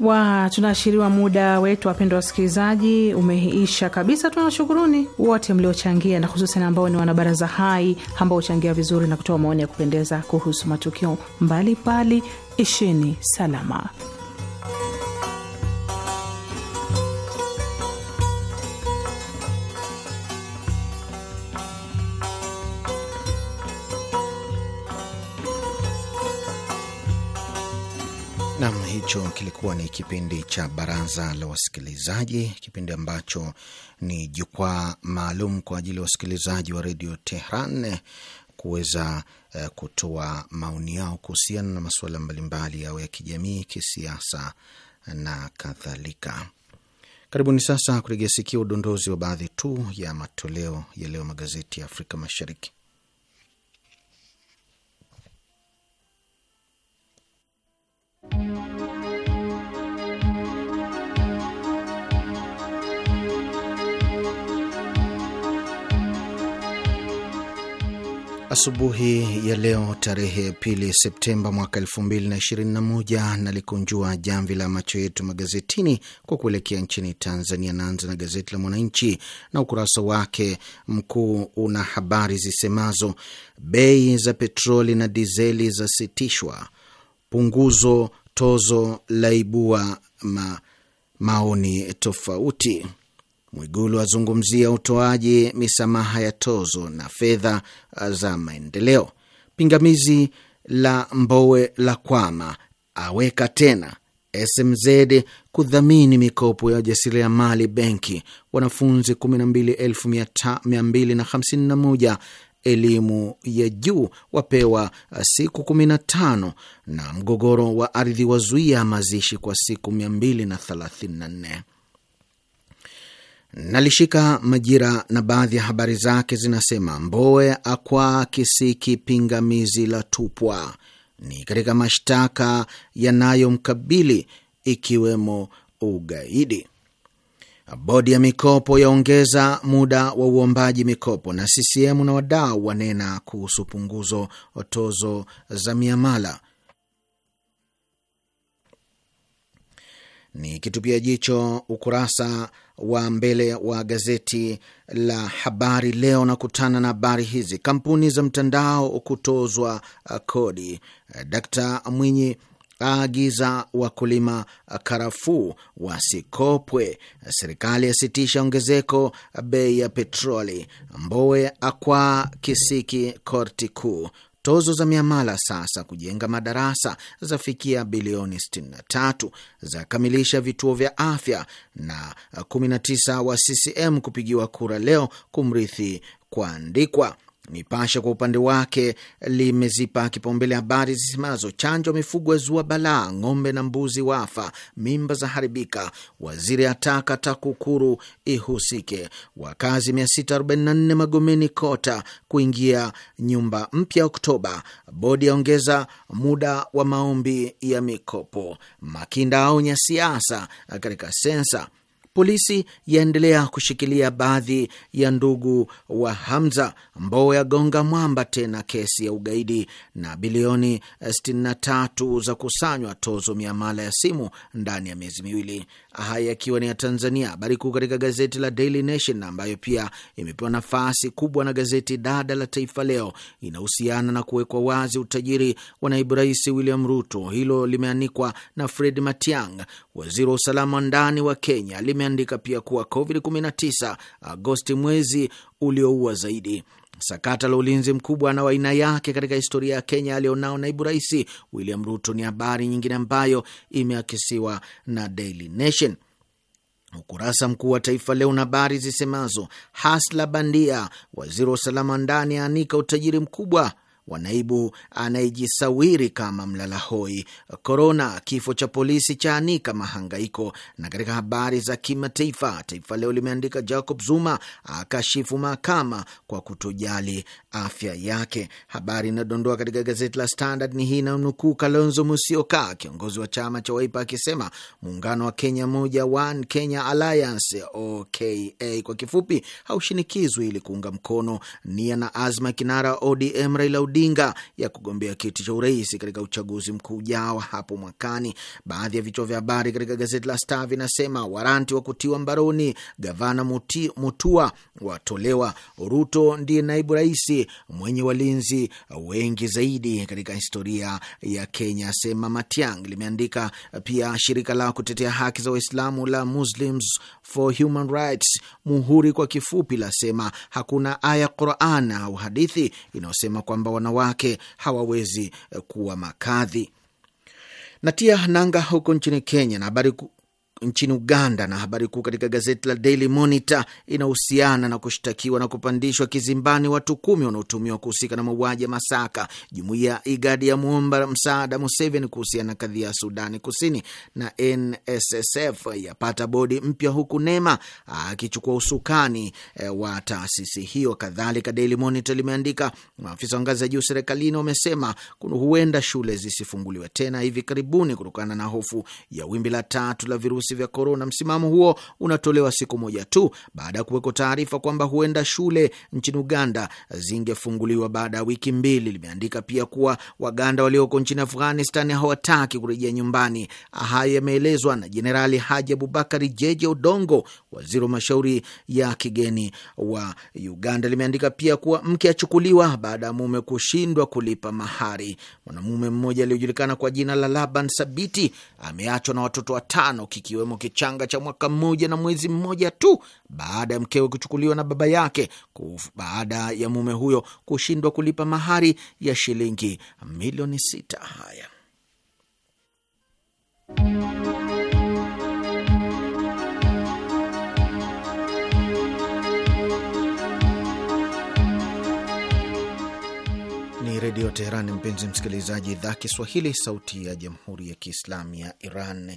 wa tunaashiriwa muda wetu, wapendwa wasikilizaji, umeisha kabisa. Tunawashukuruni wote mliochangia na hususan ambao ni wanabaraza hai ambao huchangia vizuri na kutoa maoni ya kupendeza kuhusu matukio mbalimbali. Ishini salama.
hicho kilikuwa ni kipindi cha Baraza la Wasikilizaji, kipindi ambacho ni jukwaa maalum kwa ajili ya wasikilizaji wa Redio Tehran kuweza eh, kutoa maoni yao kuhusiana na masuala mbalimbali yao ya kijamii, kisiasa na kadhalika. Karibuni sasa kuregea sikia udondozi wa baadhi tu ya matoleo ya leo magazeti ya Afrika Mashariki. Asubuhi ya leo tarehe pili Septemba mwaka elfu mbili na ishirini na moja nalikunjua jamvi la macho yetu magazetini kwa kuelekea nchini Tanzania. Naanza na gazeti la Mwananchi na ukurasa wake mkuu una habari zisemazo: bei za petroli na dizeli zasitishwa, punguzo tozo laibua ma, maoni tofauti Mwigulu azungumzia utoaji misamaha ya tozo na fedha za maendeleo. Pingamizi la Mbowe la kwama aweka tena. SMZ kudhamini mikopo ya mali benki. Wanafunzi 12251 elimu ya juu wapewa siku 15, na mgogoro wa ardhi wazuia mazishi kwa siku 234. Nalishika Majira na baadhi ya habari zake zinasema: Mbowe akwaa kisiki pingamizi la tupwa, ni katika mashtaka yanayomkabili ikiwemo ugaidi. Bodi ya mikopo yaongeza muda wa uombaji mikopo, na CCM na wadau wanena kuhusu punguzo tozo za miamala. Ni kitupia jicho ukurasa wa mbele wa gazeti la Habari Leo kutana na habari hizi: kampuni za mtandao kutozwa uh, kodi, uh, Dkt Mwinyi aagiza wakulima uh, karafuu wasikopwe, serikali yasitisha ongezeko bei ya petroli, Mbowe akwaa kisiki korti kuu, tozo za miamala sasa kujenga madarasa zafikia bilioni 63, zakamilisha vituo vya afya na 19 wa CCM kupigiwa kura leo kumrithi kuandikwa Nipashe kwa upande wake limezipa kipaumbele habari zisemazo chanjo mifugo zua balaa, ng'ombe na mbuzi wafa, mimba za haribika, waziri ataka TAKUKURU ihusike, wakazi 644 Magomeni Kota kuingia nyumba mpya Oktoba, bodi yaongeza muda wa maombi ya mikopo, Makinda aonya siasa katika sensa Polisi yaendelea kushikilia baadhi ya ndugu wa Hamza ambao yagonga mwamba tena kesi ya ugaidi. Na bilioni 63 za kusanywa tozo miamala ya simu ndani ya miezi miwili. Haya yakiwa ni ya Tanzania. Habari kuu katika gazeti la Daily Nation ambayo pia imepewa nafasi kubwa na gazeti dada la Taifa Leo inahusiana na kuwekwa wazi utajiri wa naibu rais William Ruto. Hilo limeandikwa na Fred Matiang, waziri wa usalama ndani wa Kenya. Limeandika pia kuwa COVID-19 Agosti mwezi ulioua zaidi Sakata la ulinzi mkubwa na wa aina yake katika historia ya Kenya alionao naibu rais William Ruto ni habari nyingine ambayo imeakisiwa na Daily Nation. Ukurasa mkuu wa Taifa Leo na habari zisemazo: hasla bandia, waziri wa usalama ndani aanika utajiri mkubwa wa naibu anayejisawiri kama mlala hoi korona, kifo cha polisi cha anika mahangaiko. Na katika habari za kimataifa, Taifa Leo limeandika Jacob Zuma akashifu mahakama kwa kutojali afya yake. Habari inayodondoa katika gazeti la Standard ni hii inayonukuu Kalonzo Musyoka, kiongozi wa chama cha waipa akisema muungano wa Kenya moja One Kenya Alliance OKA kwa kifupi haushinikizwi ili kuunga mkono nia na azma kinara ODM Raila Odinga Odinga ya kugombea kiti cha urais katika uchaguzi mkuu ujao hapo mwakani. Baadhi ya vichwa vya habari katika gazeti la Star vinasema waranti wa kutiwa mbaroni gavana Muti, Mutua watolewa. Ruto ndiye naibu rais mwenye walinzi wengi zaidi katika historia ya Kenya, asema Matiang. Limeandika pia shirika la kutetea haki za Waislamu la Muslims for Human Rights, Muhuri kwa kifupi, lasema hakuna aya Quran au hadithi inayosema kwamba wana wanawake hawawezi eh, kuwa makadhi. Natia nanga huko nchini Kenya, na habari nchini Uganda, na habari kuu katika gazeti la Daily Monitor inahusiana na kushtakiwa na kupandishwa kizimbani watu kumi wanaotumiwa kuhusika na mauaji ya Masaka. jumuia Igadi ya yamwomba msaada Museveni kuhusiana na kadhia ya Sudani Kusini, na NSSF yapata bodi mpya, huku Nema akichukua usukani e, wa taasisi hiyo. Kadhalika, Daily Monitor limeandika maafisa wa ngazi ya juu serikalini wamesema huenda shule zisifunguliwe tena hivi karibuni kutokana na hofu ya wimbi la tatu la virusi virusi vya korona. Msimamo huo unatolewa siku moja tu baada ya kuweko taarifa kwamba huenda shule nchini Uganda zingefunguliwa baada ya wiki mbili. Limeandika pia kuwa Waganda walioko nchini Afghanistan hawataki kurejea nyumbani. Hayo yameelezwa na Jenerali Haji Abubakari Jeje Odongo, waziri wa mashauri ya kigeni wa Uganda. Limeandika pia kuwa mke achukuliwa baada ya mume kushindwa kulipa mahari. Mwanamume mmoja aliyojulikana kwa jina la Laban Sabiti ameachwa na watoto watano kikiwa ikiwemo kichanga cha mwaka mmoja na mwezi mmoja tu baada ya mkewe kuchukuliwa na baba yake baada ya mume huyo kushindwa kulipa mahari ya shilingi milioni sita. Haya. Ni Redio Teheran, mpenzi msikilizaji, idhaa Kiswahili, sauti ya Jamhuri ya Kiislamu ya Iran.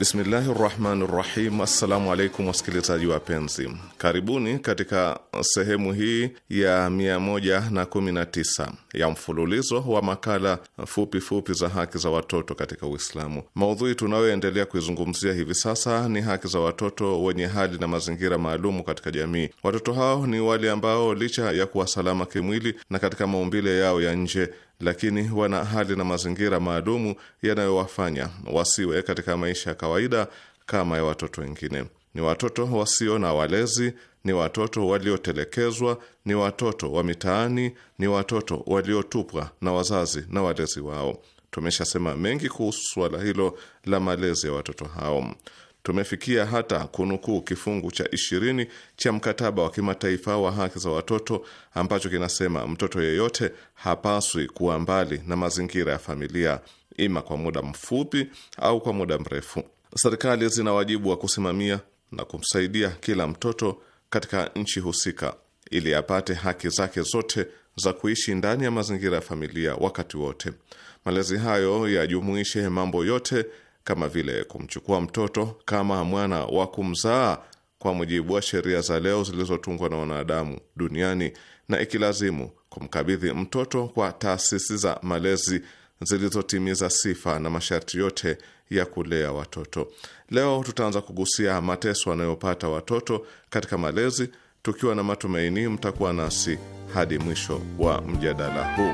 Bismillahi rahmani rahim. Assalamu alaikum wasikilizaji wapenzi, karibuni katika sehemu hii ya 119 ya mfululizo wa makala fupi fupi za haki za watoto katika Uislamu. Maudhui tunayoendelea kuizungumzia hivi sasa ni haki za watoto wenye hali na mazingira maalumu katika jamii. Watoto hao ni wale ambao licha ya kuwa salama kimwili na katika maumbile yao ya nje lakini wana hali na mazingira maalumu yanayowafanya wasiwe katika maisha ya kawaida kama ya watoto wengine. Ni watoto wasio na walezi, ni watoto waliotelekezwa, ni watoto wa mitaani, ni watoto waliotupwa na wazazi na walezi wao. Tumeshasema mengi kuhusu suala hilo la malezi ya watoto hao tumefikia hata kunukuu kifungu cha ishirini cha mkataba wa kimataifa wa haki za watoto ambacho kinasema mtoto yeyote hapaswi kuwa mbali na mazingira ya familia, ima kwa muda mfupi au kwa muda mrefu. Serikali zina wajibu wa kusimamia na kumsaidia kila mtoto katika nchi husika ili apate haki zake zote za kuishi ndani ya mazingira ya familia wakati wote. Malezi hayo yajumuishe mambo yote kama vile kumchukua mtoto kama mwana wa kumzaa kwa mujibu wa sheria za leo zilizotungwa na wanadamu duniani, na ikilazimu kumkabidhi mtoto kwa taasisi za malezi zilizotimiza sifa na masharti yote ya kulea watoto. Leo tutaanza kugusia mateso anayopata watoto katika malezi, tukiwa na matumaini mtakuwa nasi hadi mwisho wa mjadala huu.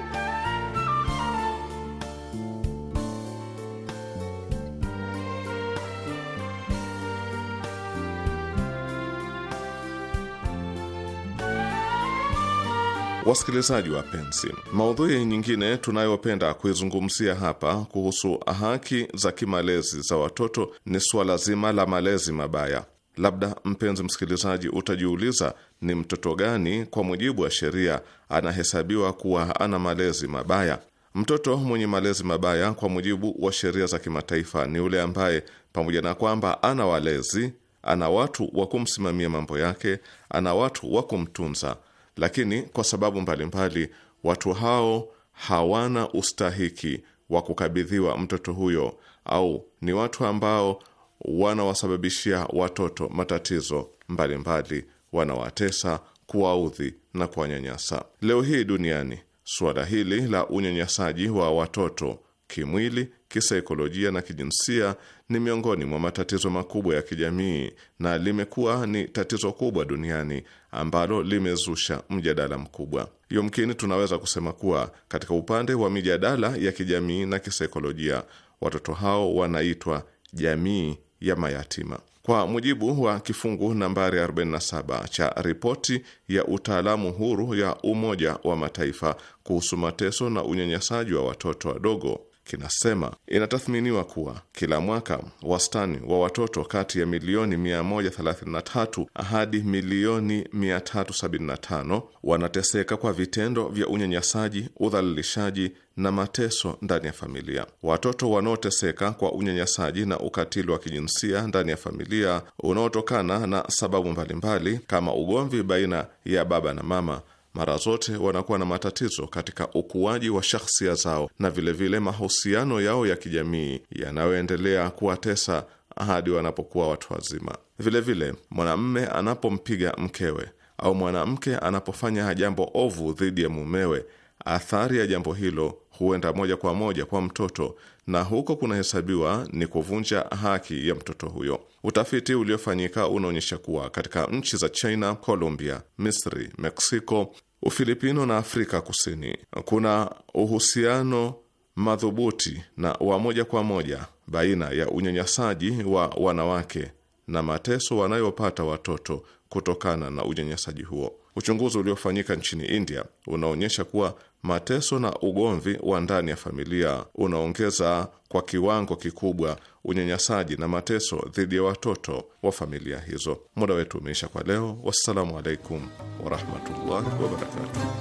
Wasikilizaji wapenzi, maudhui nyingine tunayopenda kuizungumzia hapa kuhusu haki za kimalezi za watoto ni suala zima la malezi mabaya. Labda mpenzi msikilizaji, utajiuliza ni mtoto gani kwa mujibu wa sheria anahesabiwa kuwa ana malezi mabaya? Mtoto mwenye malezi mabaya kwa mujibu wa sheria za kimataifa ni yule ambaye pamoja na kwamba ana walezi, ana watu wa kumsimamia mambo yake, ana watu wa kumtunza lakini kwa sababu mbalimbali mbali, watu hao hawana ustahiki wa kukabidhiwa mtoto huyo au ni watu ambao wanawasababishia watoto matatizo mbalimbali mbali, wanawatesa, kuwaudhi na kuwanyanyasa. Leo hii duniani suala hili la unyanyasaji wa watoto kimwili, kisaikolojia na kijinsia ni miongoni mwa matatizo makubwa ya kijamii na limekuwa ni tatizo kubwa duniani ambalo limezusha mjadala mkubwa. Yomkini tunaweza kusema kuwa katika upande wa mijadala ya kijamii na kisaikolojia, watoto hao wanaitwa jamii ya mayatima. Kwa mujibu wa kifungu nambari 47 cha ripoti ya utaalamu huru ya Umoja wa Mataifa kuhusu mateso na unyanyasaji wa watoto wadogo, kinasema inatathminiwa kuwa kila mwaka wastani wa watoto kati ya milioni 133 hadi milioni 375 wanateseka kwa vitendo vya unyanyasaji, udhalilishaji na mateso ndani ya familia. Watoto wanaoteseka kwa unyanyasaji na ukatili wa kijinsia ndani ya familia unaotokana na sababu mbalimbali mbali, kama ugomvi baina ya baba na mama mara zote wanakuwa na matatizo katika ukuaji wa shahsia zao na vilevile mahusiano yao ya kijamii yanayoendelea kuwatesa hadi wanapokuwa watu wazima. Vilevile, mwanamme anapompiga mkewe au mwanamke anapofanya jambo ovu dhidi ya mumewe, athari ya jambo hilo huenda moja kwa moja kwa mtoto na huko kunahesabiwa ni kuvunja haki ya mtoto huyo. Utafiti uliofanyika unaonyesha kuwa katika nchi za China, Colombia, Misri, Meksiko, Ufilipino na Afrika Kusini kuna uhusiano madhubuti na wa moja kwa moja baina ya unyanyasaji wa wanawake na mateso wanayopata watoto kutokana na unyanyasaji huo. Uchunguzi uliofanyika nchini India unaonyesha kuwa mateso na ugomvi wa ndani ya familia unaongeza kwa kiwango kikubwa unyanyasaji na mateso dhidi ya watoto wa familia hizo. Muda wetu umeisha kwa leo. Wassalamu alaikum warahmatullahi wabarakatuh.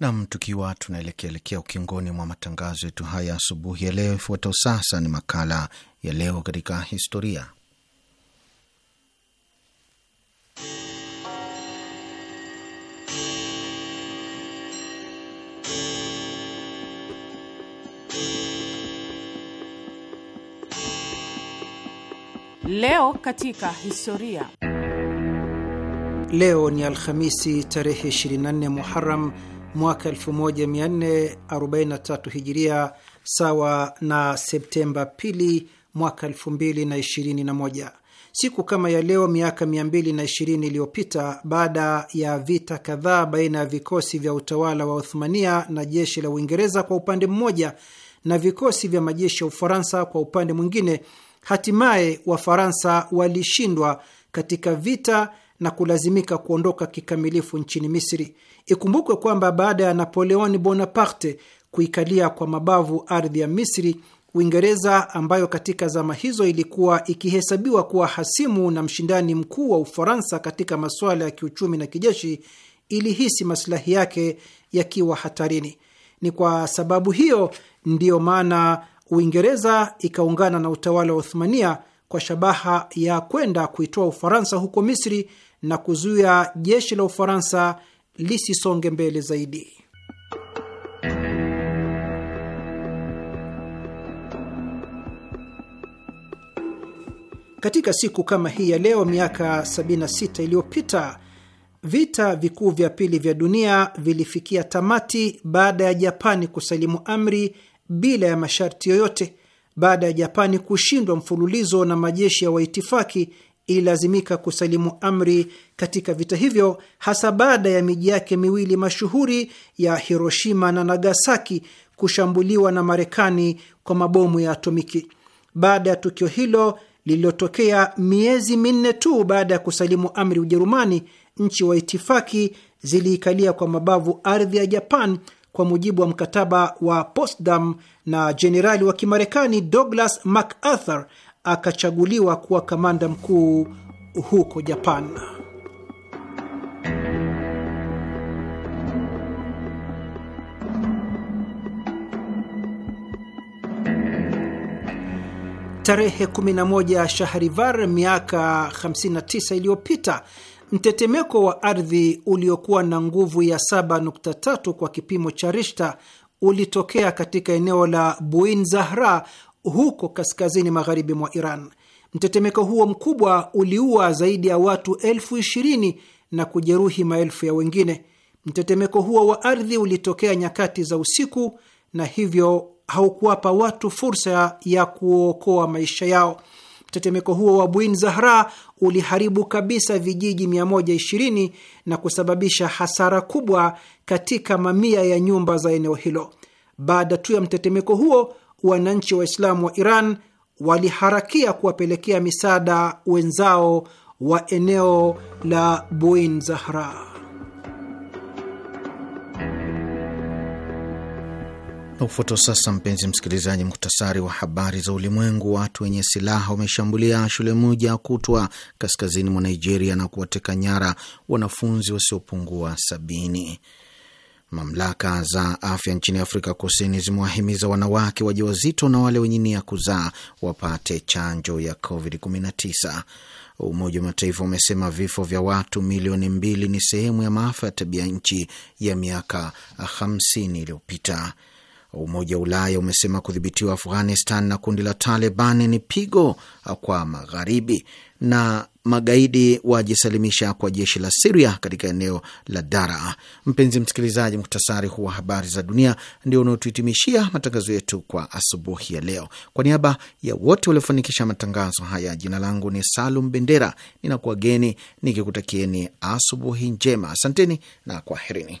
Nam, tukiwa tunaelekeaelekea ukingoni mwa matangazo yetu haya asubuhi ya leo, ifuatayo sasa ni makala ya leo katika historia.
Leo katika historia.
Leo ni Alhamisi tarehe 24 Muharam mwaka 1443 hijiria sawa na Septemba 2 mwaka 2021. Siku kama ya leo miaka 220 iliyopita, baada ya vita kadhaa baina ya vikosi vya utawala wa Uthmania na jeshi la Uingereza kwa upande mmoja na vikosi vya majeshi ya Ufaransa kwa upande mwingine, hatimaye Wafaransa walishindwa katika vita na kulazimika kuondoka kikamilifu nchini Misri. Ikumbukwe kwamba baada ya Napoleon Bonaparte kuikalia kwa mabavu ardhi ya Misri, Uingereza ambayo katika zama hizo ilikuwa ikihesabiwa kuwa hasimu na mshindani mkuu wa Ufaransa katika masuala ya kiuchumi na kijeshi, ilihisi masilahi yake yakiwa hatarini. Ni kwa sababu hiyo ndiyo maana Uingereza ikaungana na utawala wa Uthmania kwa shabaha ya kwenda kuitoa Ufaransa huko Misri na kuzuia jeshi la Ufaransa lisisonge mbele zaidi. Katika siku kama hii ya leo miaka 76 iliyopita vita vikuu vya pili vya dunia vilifikia tamati baada ya Japani kusalimu amri bila ya masharti yoyote, baada ya Japani kushindwa mfululizo na majeshi ya waitifaki ililazimika kusalimu amri katika vita hivyo, hasa baada ya miji yake miwili mashuhuri ya Hiroshima na Nagasaki kushambuliwa na Marekani kwa mabomu ya atomiki. Baada ya tukio hilo lililotokea miezi minne tu baada ya kusalimu amri Ujerumani, nchi wa itifaki ziliikalia kwa mabavu ardhi ya Japan kwa mujibu wa mkataba wa Potsdam na jenerali wa Kimarekani Douglas MacArthur akachaguliwa kuwa kamanda mkuu huko Japan. Tarehe 11 Shahrivar miaka 59 iliyopita, mtetemeko wa ardhi uliokuwa na nguvu ya 7.3 kwa kipimo cha Rishta ulitokea katika eneo la Buin Zahra huko kaskazini magharibi mwa Iran. Mtetemeko huo mkubwa uliua zaidi ya watu elfu ishirini na kujeruhi maelfu ya wengine. Mtetemeko huo wa ardhi ulitokea nyakati za usiku na hivyo haukuwapa watu fursa ya kuokoa maisha yao. Mtetemeko huo wa Buin Zahra uliharibu kabisa vijiji 120 na kusababisha hasara kubwa katika mamia ya nyumba za eneo hilo. Baada tu ya mtetemeko huo, wananchi Waislamu wa Iran waliharakia kuwapelekea misaada wenzao wa eneo la Buin Zahra.
Na ufuatao sasa, mpenzi msikilizaji, muhtasari wa habari za ulimwengu. Watu wenye silaha wameshambulia shule moja kutwa kaskazini mwa Nigeria na kuwateka nyara wanafunzi wasiopungua sabini. Mamlaka za afya nchini Afrika Kusini zimewahimiza wanawake wajawazito na wale wenye nia kuzaa wapate chanjo ya COVID-19. Umoja wa Mataifa umesema vifo vya watu milioni mbili ni sehemu ya maafa ya tabia nchi ya miaka 50 iliyopita. Umoja wa Ulaya umesema kudhibitiwa Afghanistan na kundi la Taliban ni pigo kwa magharibi na magaidi wajisalimisha kwa jeshi la Siria katika eneo la Daraa. Mpenzi msikilizaji, muktasari huu wa habari za dunia ndio unaotuhitimishia matangazo yetu kwa asubuhi ya leo. Kwa niaba ya wote waliofanikisha matangazo haya, jina langu ni Salum Bendera, ninakuwageni nikikutakieni asubuhi njema. Asanteni na kwaherini.